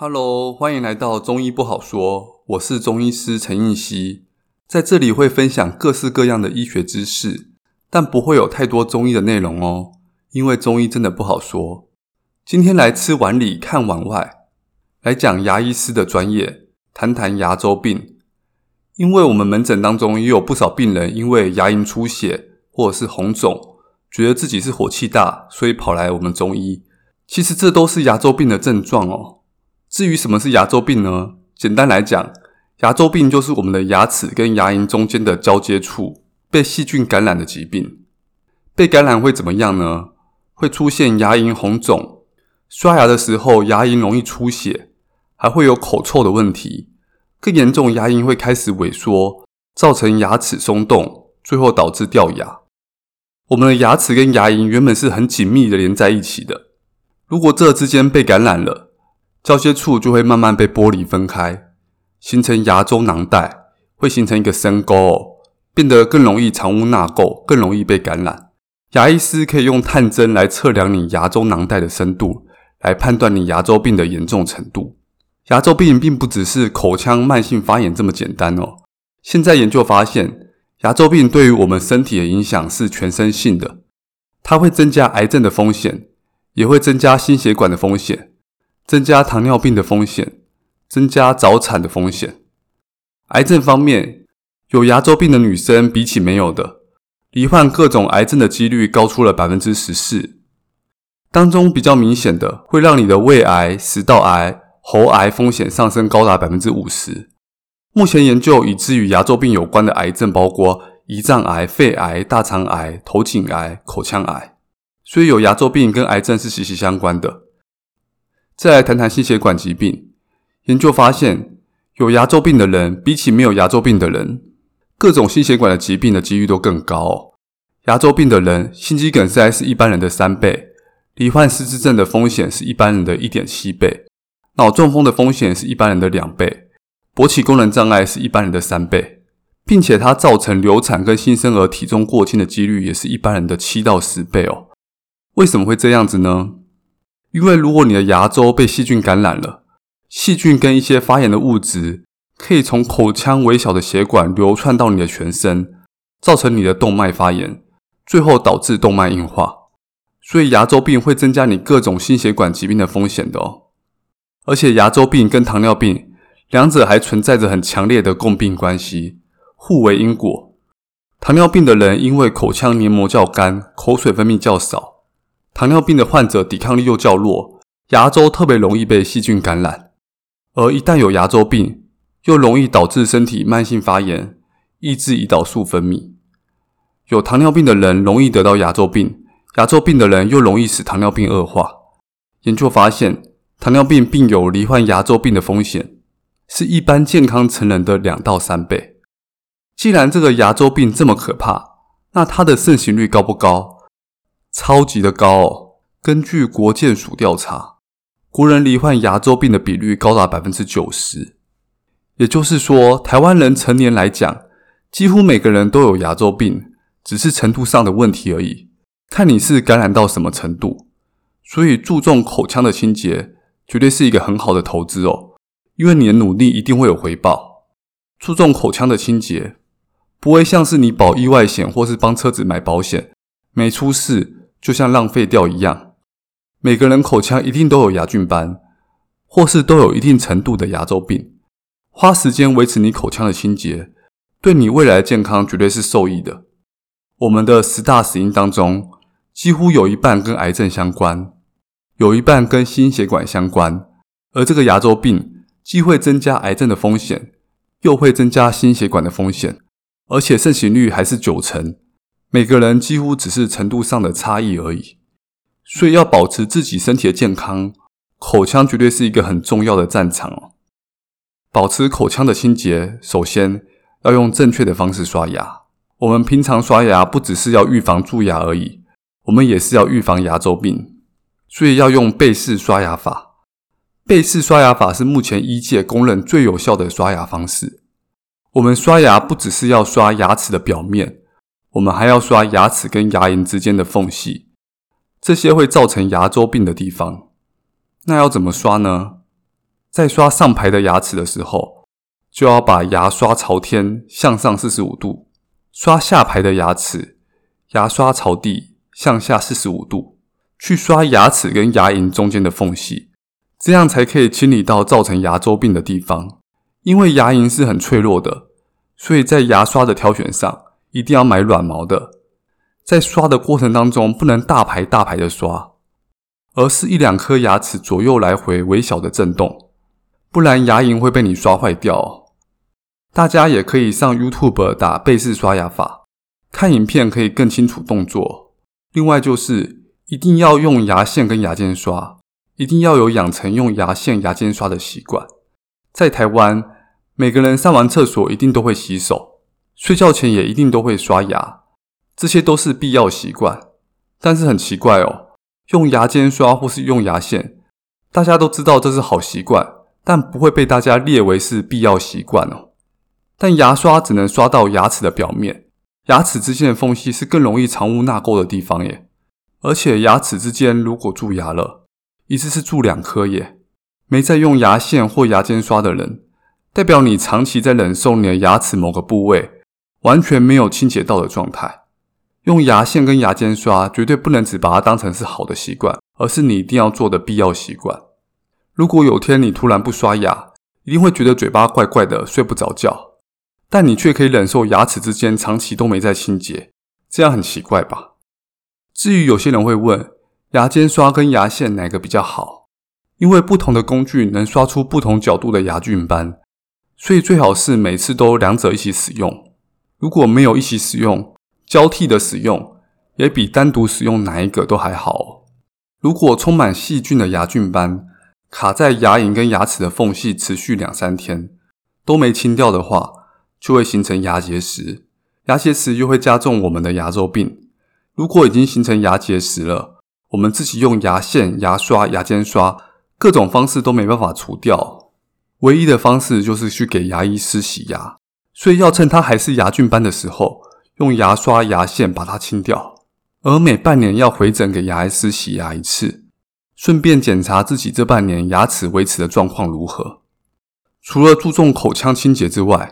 Hello，歡迎來到中醫不好說。我是中醫師陳映希，在這裡會分享各式各樣的醫學知識，但不會有太多中醫的內容哦，因為中醫真的不好說。今天來吃碗裡看碗外，來講牙醫師的專業，談談牙周病。因為我們門診當中也有不少病人因為牙齦出血或者是紅腫，覺得自己是火氣大，所以跑來我們中醫。其實這都是牙周病的症狀哦。至於什麼是牙周病呢？簡單來講，牙周病就是我們的牙齒跟牙齦中間的交接處被細菌感染的疾病。被感染會怎麼樣呢？會出現牙齦紅腫，刷牙的時候牙齦容易出血，還會有口臭的問題。更嚴重，牙齦會開始萎縮，造成牙齒鬆動，最後導致掉牙。我們的牙齒跟牙齦原本是很緊密的連在一起的，如果這之間被感染了，交接處就會慢慢被剝離分開，形成牙周囊袋，會形成一個深溝哦，變得更容易藏污納垢，更容易被感染。牙醫師可以用探針來測量你牙周囊袋的深度，來判斷你牙周病的嚴重程度。牙周病並不只是口腔慢性發炎這麼簡單哦。現在研究發現，牙周病對於我們身體的影響是全身性的，它會增加癌症的風險，也會增加心血管的風險。增加糖尿病的風險，增加早產的風險。癌症方面，有牙周病的女生比起沒有的，罹患各種癌症的幾率高出了百分之十四。當中比較明顯的，會讓你的胃癌、食道癌、喉癌風險上升高達百分之五十。目前研究已知與牙周病有關的癌症包括胰臟癌、肺癌、大腸癌、頭頸癌、口腔癌。所以，有牙周病跟癌症是息息相關的。再來談談心血管疾病。研究發現，有牙周病的人，比起沒有牙周病的人，各種心血管的疾病的幾率都更高哦。牙周病的人，心肌梗塞是一般人的三倍，罹患失智症的風險是一般人的一點七倍，腦中風的風險是一般人的兩倍，勃起功能障礙是一般人的三倍，並且它造成流產跟新生兒體重過輕的幾率也是一般人的七到十倍哦。為什麼會這樣子呢？因為如果你的牙周被細菌感染了，細菌跟一些發炎的物質可以從口腔微小的血管流竄到你的全身，造成你的動脈發炎，最後導致動脈硬化。所以牙周病會增加你各種心血管疾病的風險的哦。而且牙周病跟糖尿病兩者還存在着很強烈的共病關係，互為因果。糖尿病的人因為口腔黏膜較乾，口水分泌較少。糖尿病的患者抵抗力又較弱，牙周特別容易被細菌感染，而一旦有牙周病，又容易導致身體慢性發炎，抑制胰島素分泌。有糖尿病的人容易得到牙周病，牙周病的人又容易使糖尿病惡化。研究發現，糖尿病病友罹患牙周病的風險，是一般健康成人的兩到三倍。既然這個牙周病這麼可怕，那它的盛行率高不高？超級的高哦！根據國健署調查，國人罹患牙周病的比率高達百分之九十，也就是說，台灣人成年來講，幾乎每個人都有牙周病，只是程度上的問題而已。看你是感染到什麼程度。所以，注重口腔的清潔，絕對是一個很好的投資哦，因為你的努力一定會有回報。注重口腔的清潔，不會像是你保意外險或是幫車子買保險，沒出事。就像浪費掉一樣，每個人口腔一定都有牙菌斑，或是都有一定程度的牙周病。花時間維持你口腔的清潔，對你未來的健康絕對是受益的。我們的十大死因當中，幾乎有一半跟癌症相關，有一半跟心血管相關。而這個牙周病，既會增加癌症的風險，又會增加心血管的風險，而且盛行率還是九成。每個人幾乎只是程度上的差異而已，所以要保持自己身體的健康，口腔絕對是一個很重要的戰場哦。保持口腔的清潔，首先要用正確的方式刷牙。我們平常刷牙不只是要預防蛀牙而已，我們也是要預防牙周病，所以要用貝氏刷牙法。貝氏刷牙法是目前醫界公認最有效的刷牙方式。我們刷牙不只是要刷牙齒的表面。我們還要刷牙齒跟牙齦之間的縫隙，這些會造成牙周病的地方。那要怎麼刷呢？在刷上排的牙齒的時候，就要把牙刷朝天向上四十五度；刷下排的牙齒，牙刷朝地向下四十五度，去刷牙齒跟牙齦中間的縫隙，這樣才可以清理到造成牙周病的地方。因為牙齦是很脆弱的，所以在牙刷的挑選上。一定要買軟毛的，在刷的過程當中，不能大排大排的刷，而是一兩顆牙齒左右來回微小的震動，不然牙齦會被你刷壞掉。大家也可以上 YouTube 打貝氏刷牙法，看影片可以更清楚動作。另外就是一定要用牙線跟牙間刷，一定要有養成用牙線牙間刷的習慣。在台灣，每個人上完廁所一定都會洗手。睡覺前也一定都會刷牙，這些都是必要習慣。但是很奇怪哦，用牙尖刷或是用牙線，大家都知道這是好習慣，但不會被大家列為是必要習慣哦。但牙刷只能刷到牙齒的表面，牙齒之間的縫隙是更容易藏污納垢的地方耶。而且牙齒之間如果蛀牙了，一次是蛀兩顆耶。沒在用牙線或牙尖刷的人，代表你長期在忍受你的牙齒某個部位。完全沒有清潔到的狀態，用牙線跟牙間刷絕對不能只把它當成是好的習慣，而是你一定要做的必要習慣。如果有天你突然不刷牙，一定會覺得嘴巴怪怪的，睡不着覺。但你卻可以忍受牙齒之間長期都沒在清潔，這樣很奇怪吧？至於有些人會問，牙間刷跟牙線哪個比較好？因為不同的工具能刷出不同角度的牙菌斑，所以最好是每次都兩者一起使用。如果沒有一起使用，交替的使用也比單獨使用哪一個都還好。如果充滿細菌的牙菌斑卡在牙齦跟牙齒的縫隙，持續兩三天都沒清掉的話，就會形成牙結石。牙結石又會加重我們的牙周病。如果已經形成牙結石了，我們自己用牙線、牙刷、牙間刷各種方式都沒辦法除掉，唯一的方式就是去給牙醫師洗牙。所以要趁它還是牙菌斑的時候，用牙刷、牙線把它清掉。而每半年要回診給牙醫師洗牙一次，順便檢查自己這半年牙齒維持的狀況如何。除了注重口腔清潔之外，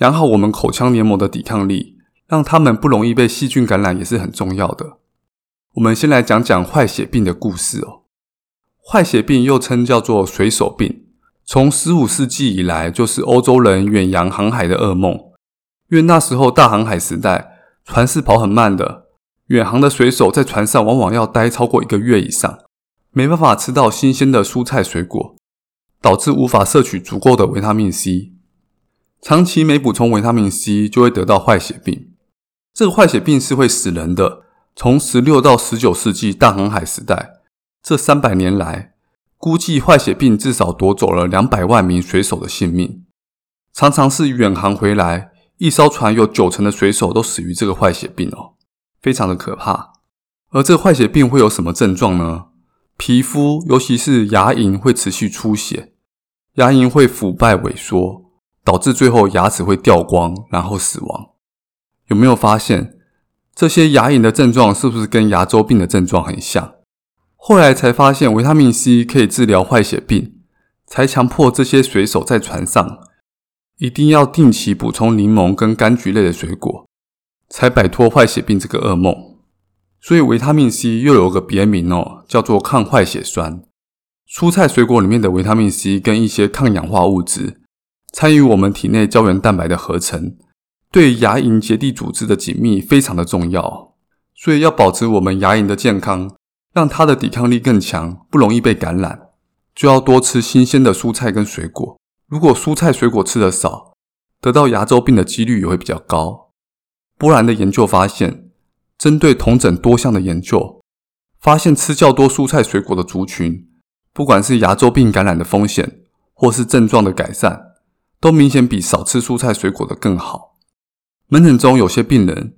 養好我們口腔黏膜的抵抗力，讓它們不容易被細菌感染也是很重要的。我們先來講講壞血病的故事哦。壞血病又稱叫做水手病。從十五世紀以來，就是歐洲人遠洋航海的噩夢。因為那時候大航海時代，船是跑很慢的，遠航的水手在船上往往要待超過一個月以上，沒辦法吃到新鮮的蔬菜水果，導致無法攝取足夠的維他命 C。長期沒補充維他命 C，就會得到壞血病。這個壞血病是會死人的。從十六到十九世紀大航海時代，這三百年來。估計壞血病至少奪走了兩百萬名水手的性命，常常是遠航回來，一艘船有九成的水手都死於這個壞血病哦，非常的可怕。而這壞血病會有什麼症狀呢？皮膚，尤其是牙齦會持續出血，牙齦會腐敗萎縮，導致最後牙齒會掉光，然後死亡。有沒有發現這些牙齦的症狀是不是跟牙周病的症狀很像？後來才發現，維他命 C 可以治療壞血病，才強迫這些水手在船上一定要定期補充檸檬跟柑橘類的水果，才擺脫壞血病這個噩夢。所以維他命 C 又有個別名哦，叫做抗壞血酸。蔬菜水果裡面的維他命 C 跟一些抗氧化物質，參與我們體內膠原蛋白的合成，對牙齦結締組織的緊密非常的重要。所以要保持我們牙齦的健康。讓他的抵抗力更強，不容易被感染，就要多吃新鮮的蔬菜跟水果。如果蔬菜水果吃的少，得到牙周病的幾率也會比較高。波蘭的研究發現，針對同整多項的研究，發現吃較多蔬菜水果的族群，不管是牙周病感染的風險，或是症狀的改善，都明顯比少吃蔬菜水果的更好。門診中有些病人，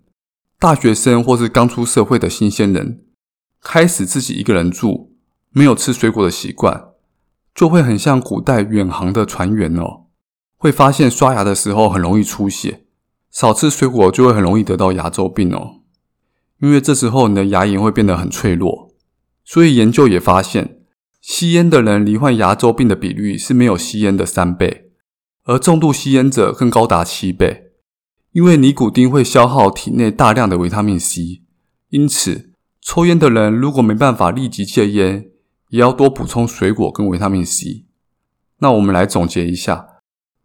大學生或是剛出社會的新鮮人。開始自己一個人住，沒有吃水果的習慣，就會很像古代遠航的船員喔，會發現刷牙的時候很容易出血，少吃水果就會很容易得到牙周病喔，因為這時候你的牙齦會變得很脆弱。所以研究也發現，吸煙的人罹患牙周病的比率是沒有吸煙的三倍，而重度吸煙者更高達七倍，因為尼古丁會消耗體內大量的維他命 C，因此。抽煙的人如果沒辦法立即戒煙，也要多補充水果跟維他命 C。那我們來總結一下：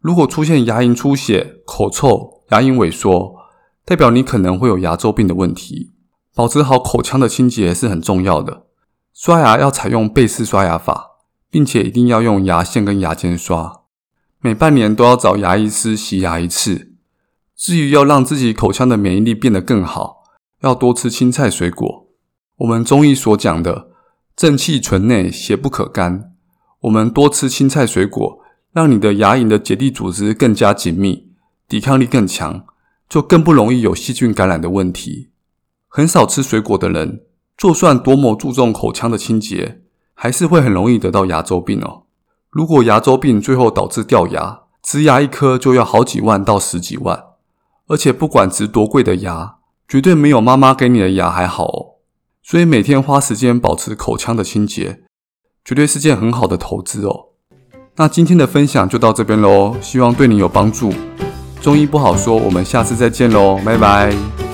如果出現牙齦出血、口臭、牙齦萎縮，代表你可能會有牙周病的問題。保持好口腔的清潔是很重要的。刷牙要採用貝氏刷牙法，並且一定要用牙線跟牙間刷。每半年都要找牙醫師洗牙一次。至於要讓自己口腔的免疫力變得更好，要多吃青菜、水果。我們中醫所講的“正氣存內，邪不可干”。我們多吃青菜水果，讓你的牙齦的結締組織更加緊密，抵抗力更強，就更不容易有細菌感染的問題。很少吃水果的人，就算多麼注重口腔的清潔，還是會很容易得到牙周病哦。如果牙周病最後導致掉牙，植牙一顆就要好幾萬到十幾萬，而且不管植多貴的牙，絕對沒有媽媽給你的牙還好哦。所以每天花時間保持口腔的清潔，絕對是件很好的投資哦。那今天的分享就到這邊嘍，希望對你有幫助。中醫不好說，我們下次再見嘍，拜拜。